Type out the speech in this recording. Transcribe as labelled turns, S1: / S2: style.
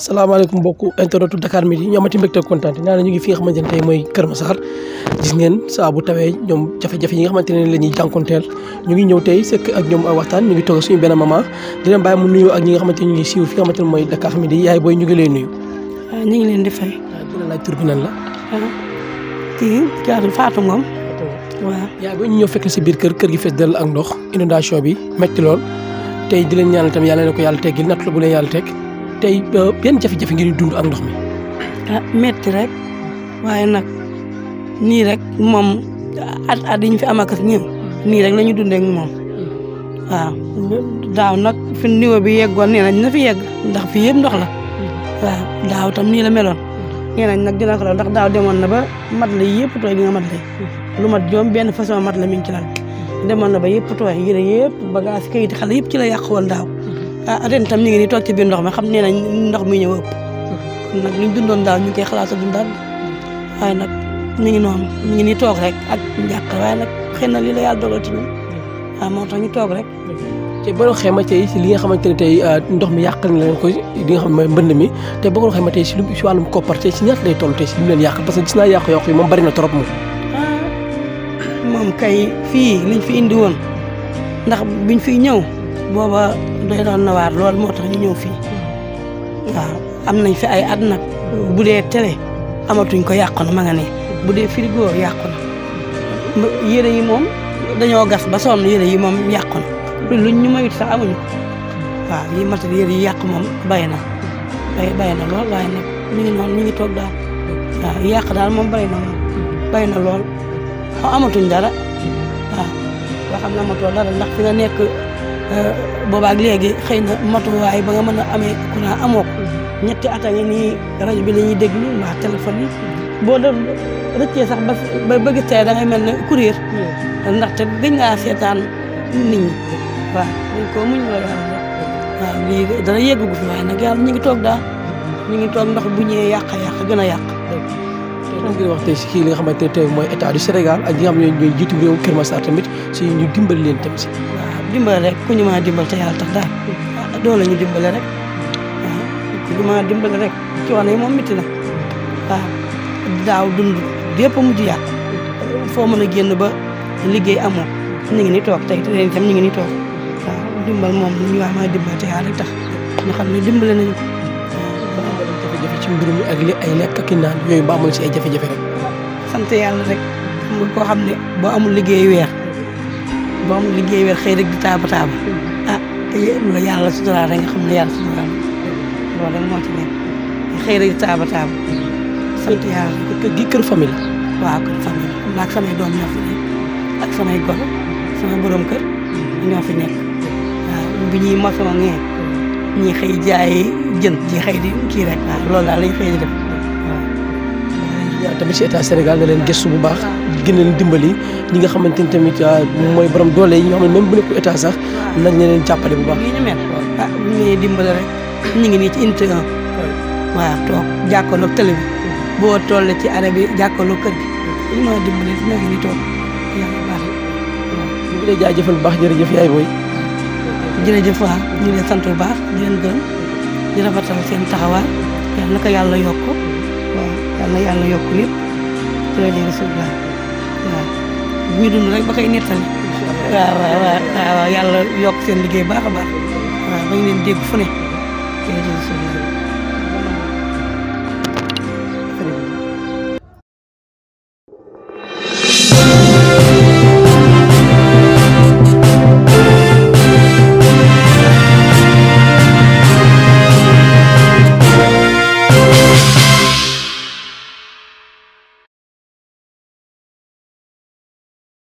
S1: salaamaaleykum mbokku internetu Dakar Midi ñoo amati mbégte kontaan naa ne ñu ngi fi nga xamante ne mooy Kër Massar gis ngeen saa bu tawee ñoom jafe-jafe yi nga xamante ne la ñuy jànkonteel ñu ngi ñëw tey sekk ak ñoom waxtaan ñu ngi toog suñu benn maman di leen bàyyi mu nuyoo ak ñi nga xamante ne ñu ngi siiw fi yaay booy ah, ñu ngi
S2: leen di fay. waaw dina laaj la. waaw ah, kii Diatou Fatou Ngom.
S1: yaay booy ñu ñëw fekk si biir kër kër gi fees dell ak ndox inondation bi metti lool tey di leen ñaanal tam yàlla ne ko yàlla teggil natt bu leen yàlla teg tey benn jafe-jafe ngeen di dund ak ndox mi.
S2: Ah, metti rek waaye nag nii rek moom at at yi ñu fi amakas ak nii rek la ñu dundee moom waaw daaw nag fi niveau bi yeggoon nee nañ na fi yegg ndax fii yëpp ndox la waaw daaw tam nii la meloon nee nañ nag dina ko lool ndax daaw demoon na ba mat la yëpp tooy gi nga mat lay lu mat joom benn façon mat la mi ngi ci lal demoon na ba yëpp tooy yére yëpp bagage kayit xale yëpp ci la yàq woon daaw Ah, ah ren tam ñu ngi nii toog ci biir ndox mi xam nee ndox mi ñëw ëpp kon nag dundoon daaw ñu ngi koy xalaat a nag ñu ngi noonu ñu ngi nii toog rek ak njàq waaye nag xëy na lii la yàlla dogal ci ñun waaw ah, ñu toog rek
S1: te boo xayma tey si li nga xamante ne tey ah, ndox mi yàq na ko li nga xam mooy mbënd mi te boo ko xayma tey si lu si wàllum koppar si ñaata lay toll yàq parce que gis naa yàq-yàq yi moom bari na
S2: moom kay fii liñ fi indi woon ndax biñ fi ñëw booba day doon na waar lool moo tax ñu ñëw fii waaw am nañ fi ay at nag bu dee télé amatuñ ko yàqu na ma nga ne bu dee frigo yàqu na yére yi moom dañoo gas ba sonn yére yi moom yàqu lu luñ ñu mayut sax amuñu ko waaw yi matériel yi yàq moom bay na bay bay na lool waaye nag ñu ngi noonu ñu yàq daal moom bay na moom na lool amatuñ dara waaw boo xam ne fi nga nekk boobaa euh, boobaak léegi xëy na matuwaay ba nga mën a amee courant amoo ko ñetti at a nii rajo bi la ñuy déglu mbaa téléphone boo doon rëccee sax ba bëgg tey da mel ne courrier ndaxte gëj ngaa seetaan nit ñi waaw dañ koo muñ la yàlla waaw léegi dara ñu ngi toog daal ñu ngi toog ndax bu ñëwee yàq yàq gën a yàq
S1: da ngeen wax si kii li nga xamante ne tey mooy état du Sénégal ak ñi nga xam ne ñooy jiitu réew Kër Massar tamit si ñu dimbali leen tamit si
S2: dimbale rek ku ñu maa dimbal te yàlla tax daal ah, doo la ñu dimbale rek waaw ah, ku ñu maa dimbale rek coono yi moom métti na waaw ah, daaw dund yëpp mujj yàq foo mën a génn ba liggéey amoo ñu ngi ni toog tey te itam ñu ngi ni toog waaw dimbal moom ñu waa maa dimbal tax ñu xam ne dimbale nañu jafe-jafe ci mbir mi ak li ay lekk ak naan yooyu ba ci ay jafe-jafe rek mu koo xam ne boo amul liggéey weer ba liggéey weer xëy rek di taaba taaba ah yéen yàlla suturaal rek nga xam ne yàlla suturaal loolu rek moo ci nekk xëy rek di taaba taaba sant yàlla gi kër famille waaw kër famille maa ak samay doom ñoo fi nekk ak samay goro sama borom kër ñoo fi nekk waaw bi ñuy mosoo ngee mm. xëy jaay jën ñi xëy di kii rek waaw loolu daal lañ xëy di def
S1: yaa tamit si état Sénégal nga leen gëstu bu baax jigéen leen dimbali ñi nga xamante ni tamit ah, mooy borom doole yi nga xam ne même bu nekkul sax nañ ne leen
S2: jàppale bu baax. ñu ñu mel ah ngi dimbali rek ñu ngi nii ci unité 1. waaw toog boo toll ci arrêt bi jàkkaarloog kër gi ñu mën a jaajëfal
S1: bu baax jërëjëf yaay booy.
S2: jërëjëf bu baax di leen gërëm di na yàlla yokk. yàlla yàlla yokk lépp jërëjëf Rasulullah waaw bu ñu dund rek ba koy nettali. yàlla yokk seen liggéey baax a baax waaw ba ñu